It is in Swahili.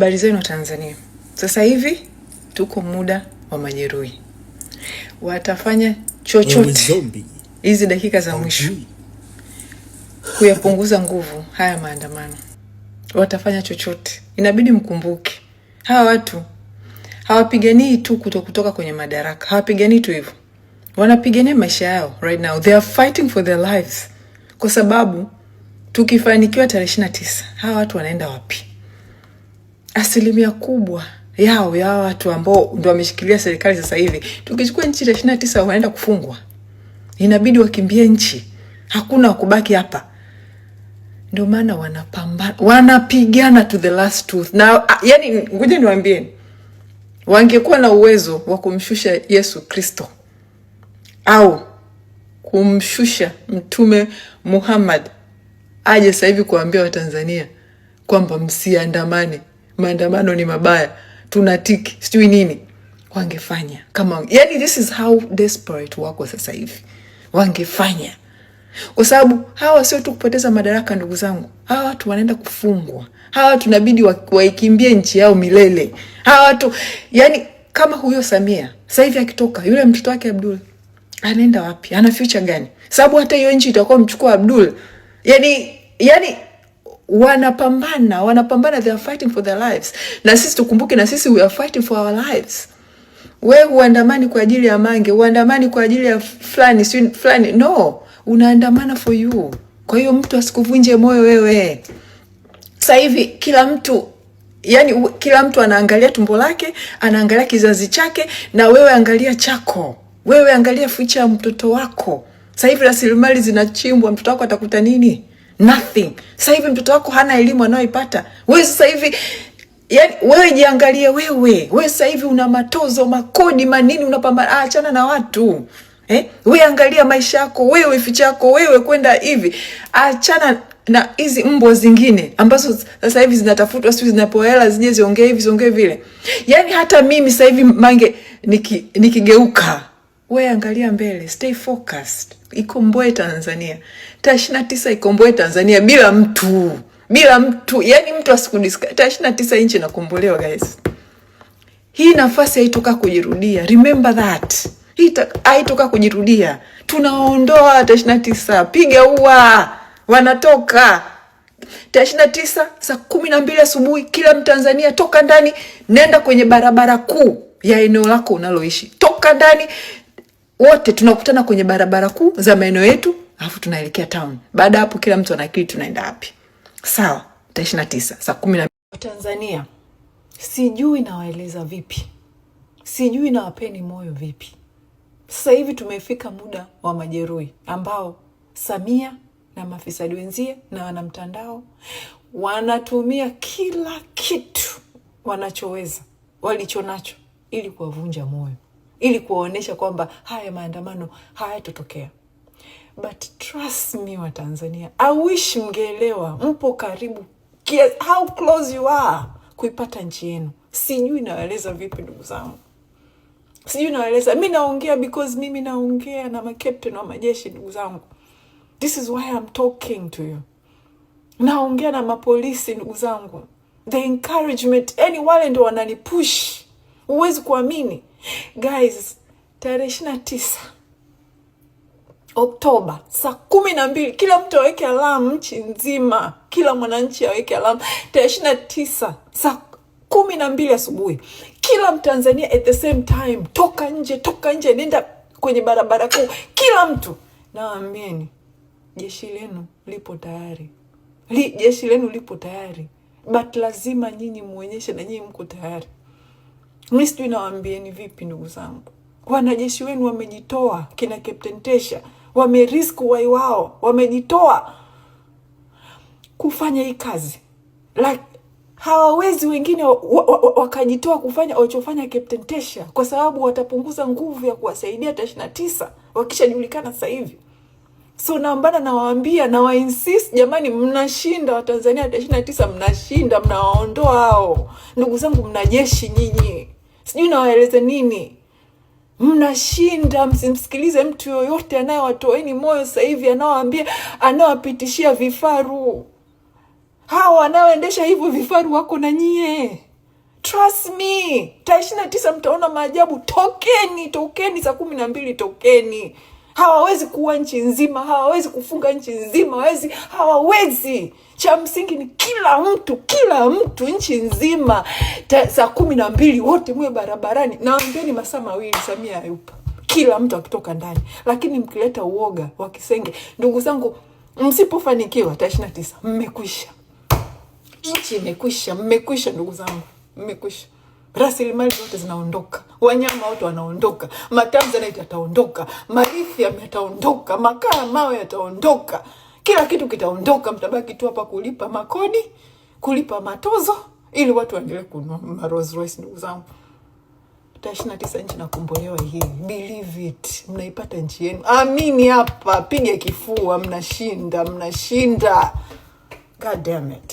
Habari zenu Tanzania. Sasa hivi tuko muda wa majeruhi, watafanya chochote hizi dakika za mwisho kuyapunguza nguvu haya maandamano, watafanya chochote. Inabidi mkumbuke hawa watu hawapiganii tu kuto kutoka kwenye madaraka, hawapiganii tu hivyo, wanapigania maisha yao right now, they are fighting for their lives, kwa sababu tukifanikiwa tarehe 29 hawa watu wanaenda wapi? asilimia kubwa yao ya watu ambao ndo wameshikilia serikali sasa hivi, tukichukua nchi ya ishirini na tisa wanaenda kufungwa, inabidi wakimbie nchi, hakuna wakubaki hapa. Ndio maana wanapambana, wanapigana to the last tooth. Na ah, yani, ngoja niwaambieni, wangekuwa na uwezo wa kumshusha Yesu Kristo au kumshusha Mtume Muhammad aje sasa hivi kuambia Watanzania kwamba msiandamane maandamano ni mabaya, tunatiki sijui nini, wangefanya kama yani, this is how desperate wako sasa hivi, wangefanya kwa sababu hawa sio tu kupoteza madaraka, ndugu zangu, hawa watu wanaenda kufungwa. Hawa watu inabidi waikimbie nchi yao milele. Hawa watu yani, kama huyo Samia sasa hivi akitoka, yule mtoto wake Abdul anaenda wapi? Ana future gani? Sababu hata hiyo nchi itakuwa mchukua Abdul yani, yani wanapambana, wanapambana, they are fighting for their lives. Na sisi tukumbuke, na sisi we are fighting for our lives. We huandamani kwa ajili ya Mange, huandamani kwa ajili ya fulani si fulani, no, unaandamana for you. Kwa hiyo mtu asikuvunje moyo wewe. Sasa hivi kila mtu yani, kila mtu anaangalia tumbo lake, anaangalia kizazi chake, na wewe angalia chako, wewe angalia future ya mtoto wako. Sasa hivi rasilimali zinachimbwa, mtoto wako atakuta nini? nothing. Sasa hivi mtoto wako hana elimu anayoipata wewe sasa hivi Yani, wewe jiangalie wewe. Wewe sasa hivi una matozo, makodi, manini unapambana. achana na watu eh? Wewe angalia maisha yako wewe, ficha yako wewe, kwenda hivi. Achana na hizi mbwa zingine ambazo sasa hivi zinatafutwa, siku zinapoela zije ziongee hivi ziongee vile. Yani hata mimi sasa hivi Mange nikigeuka niki we angalia mbele, stay focused, ikomboe Tanzania. Tarehe ishirina tisa ikomboe Tanzania bila mtu, bila mtu, yani mtu asikudiska. Tarehe ishirina tisa nchi nakombolewa guys. Hii nafasi haitoka kujirudia, remember that. haitoka kujirudia, tunaondoa tarehe ishirina tisa. Piga ua, wanatoka tarehe ishirina tisa saa kumi na mbili asubuhi. Kila Mtanzania toka ndani, nenda kwenye barabara kuu ya eneo lako unaloishi, toka ndani wote tunakutana kwenye barabara kuu za maeneo yetu, alafu tunaelekea town. Baada ya hapo kila mtu anakili tunaenda wapi. Sawa, tarehe ishirini na tisa saa kumi na Tanzania, sijui nawaeleza vipi, sijui nawapeni moyo vipi. Sasa hivi tumefika muda wa majeruhi ambao Samia na mafisadi wenzie na wanamtandao wanatumia kila kitu wanachoweza walichonacho ili kuwavunja moyo ili kuwaonyesha kwamba haya maandamano hayatotokea. But trust me wa Tanzania, I wish mngeelewa, mpo karibu how close you are kuipata nchi yenu. Sijui nawaeleza vipi ndugu zangu, sijui nawaeleza. Mi naongea because mimi naongea na makapteni wa majeshi ndugu zangu, this is why I'm talking to you. Naongea na mapolisi ndugu zangu, the encouragement yani, wale ndo wananipush Huwezi kuamini guys, tarehe ishirini na tisa Oktoba saa kumi na mbili kila mtu aweke alamu nchi nzima, kila mwananchi aweke alamu tarehe ishirini na tisa saa kumi na mbili asubuhi, kila Mtanzania at the same time, toka nje, toka nje, nenda kwenye barabara kuu, kila mtu. Nawaambieni jeshi lenu lipo tayari li, jeshi lenu lipo tayari, but lazima nyinyi muonyeshe na nyinyi mko tayari. Mi sijui nawaambieni vipi, ndugu zangu. Wanajeshi wenu wamejitoa, kina Captain Tesha wamerisk uhai wao, wamejitoa kufanya hii kazi like, hawawezi wengine wakajitoa kufanya walichofanya Captain Tesha, kwa sababu watapunguza nguvu ya kuwasaidia tarehe ishirini tisa wakishajulikana sasa hivi. So nambana nawaambia, nawainsist jamani, mnashinda Watanzania tarehe ishirini tisa mnashinda, mnawaondoa hao ndugu zangu, mna jeshi nyinyi sijui nawaeleze nini. Mnashinda, msimsikilize mtu yoyote anayewatoeni moyo sasa hivi, anaoambia anawapitishia vifaru. Hawa wanaoendesha hivyo vifaru wako na nyie. Trust me, tarehe na tisa mtaona maajabu. Tokeni, tokeni saa kumi na mbili, tokeni hawawezi kuwa nchi nzima, hawawezi kufunga nchi nzima, hawawezi, hawawezi. Cha msingi ni kila mtu, kila mtu nchi nzima, saa kumi na mbili wote mwe barabarani, naambieni masaa mawili, Samia hayupo, kila mtu akitoka ndani. Lakini mkileta uoga wa kisenge, ndugu zangu, msipofanikiwa tarehe ishirini tisa mmekwisha, nchi imekwisha, mmekwisha ndugu zangu, mmekwisha, rasilimali zote zinaondoka wanyama wote wanaondoka, matanzanite yataondoka, marithiam yataondoka, makaa mawe yataondoka, kila kitu kitaondoka. Mtabaki tu hapa kulipa makodi, kulipa matozo, ili watu waendelee kununua ma Rolls Royce. Ndugu zangu, tarehe ishirini na tisa nchi nakombolewa hii, believe it, mnaipata nchi yenu. Amini hapa, piga kifua, mnashinda, mnashinda. God damn it.